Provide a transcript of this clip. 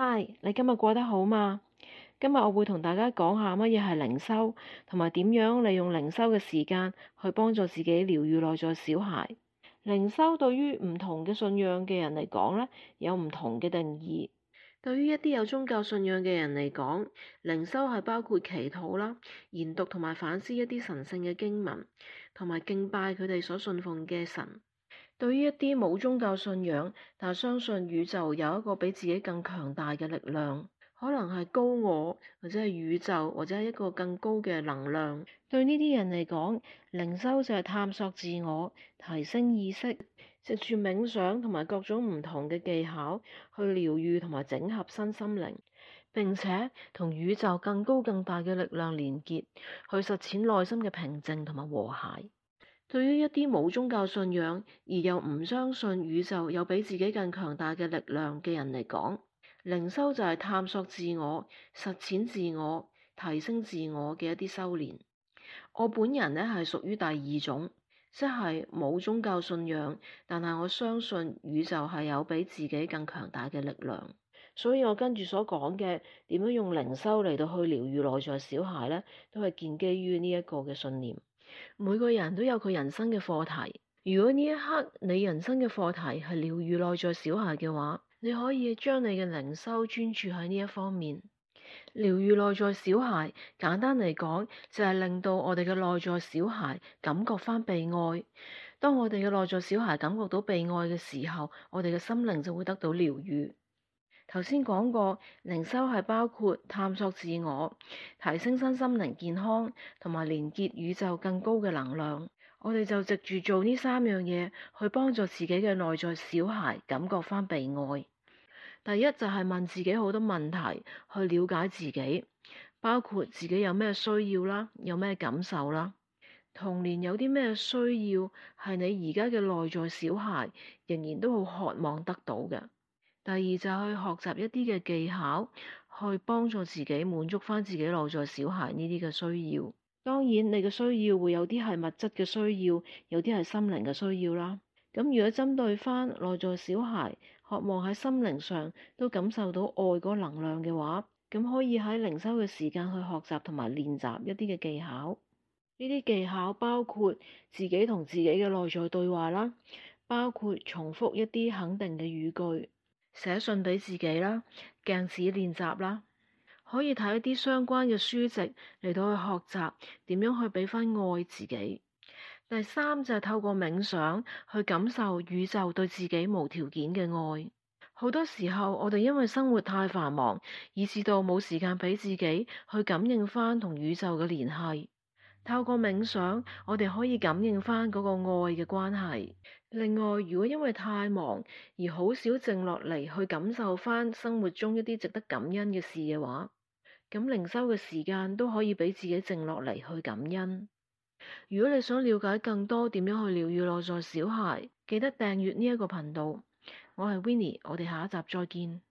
嗨，Hi, 你今日過得好嗎？今日我會同大家講下乜嘢係靈修，同埋點樣利用靈修嘅時間去幫助自己療癒內在小孩。靈修對於唔同嘅信仰嘅人嚟講咧，有唔同嘅定義。對於一啲有宗教信仰嘅人嚟講，靈修係包括祈禱啦、研讀同埋反思一啲神聖嘅經文，同埋敬拜佢哋所信奉嘅神。對於一啲冇宗教信仰，但相信宇宙有一個比自己更強大嘅力量，可能係高我或者係宇宙或者係一個更高嘅能量，對呢啲人嚟講，靈修就係探索自我、提升意識，藉住冥想同埋各種唔同嘅技巧去療癒同埋整合新心靈，並且同宇宙更高更大嘅力量連結，去實踐內心嘅平靜同埋和諧。對於一啲冇宗教信仰而又唔相信宇宙有比自己更強大嘅力量嘅人嚟講，靈修就係探索自我、實踐自我、提升自我嘅一啲修煉。我本人呢係屬於第二種，即係冇宗教信仰，但係我相信宇宙係有比自己更強大嘅力量。所以我跟住所講嘅點樣用靈修嚟到去療癒內在小孩咧，都係建基於呢一個嘅信念。每個人都有佢人生嘅課題。如果呢一刻你人生嘅課題係療癒內在小孩嘅話，你可以將你嘅靈修專注喺呢一方面。療癒內在小孩，簡單嚟講就係令到我哋嘅內在小孩感覺翻被愛。當我哋嘅內在小孩感覺到被愛嘅時候，我哋嘅心靈就會得到療癒。頭先講過，靈修係包括探索自我、提升身心靈健康，同埋連結宇宙更高嘅能量。我哋就藉住做呢三樣嘢，去幫助自己嘅內在小孩，感覺翻被愛。第一就係、是、問自己好多問題，去了解自己，包括自己有咩需要啦，有咩感受啦，童年有啲咩需要，係你而家嘅內在小孩仍然都好渴望得到嘅。第二就係去學習一啲嘅技巧，去幫助自己滿足翻自己內在小孩呢啲嘅需要。當然，你嘅需要會有啲係物質嘅需要，有啲係心靈嘅需要啦。咁如果針對翻內在小孩，渴望喺心靈上都感受到愛嗰能量嘅話，咁可以喺靈修嘅時間去學習同埋練習一啲嘅技巧。呢啲技巧包括自己同自己嘅內在對話啦，包括重複一啲肯定嘅語句。寫信俾自己啦，鏡子練習啦，可以睇一啲相關嘅書籍嚟到去學習點樣去俾翻愛自己。第三就係透過冥想去感受宇宙對自己無條件嘅愛。好多時候我哋因為生活太繁忙，以至到冇時間俾自己去感應翻同宇宙嘅聯繫。透過冥想，我哋可以感應翻嗰個愛嘅關係。另外，如果因為太忙而好少靜落嚟去感受翻生活中一啲值得感恩嘅事嘅話，咁靈修嘅時間都可以俾自己靜落嚟去感恩。如果你想了解更多點樣去療癒內在小孩，記得訂閱呢一個頻道。我係 Winnie，我哋下一集再見。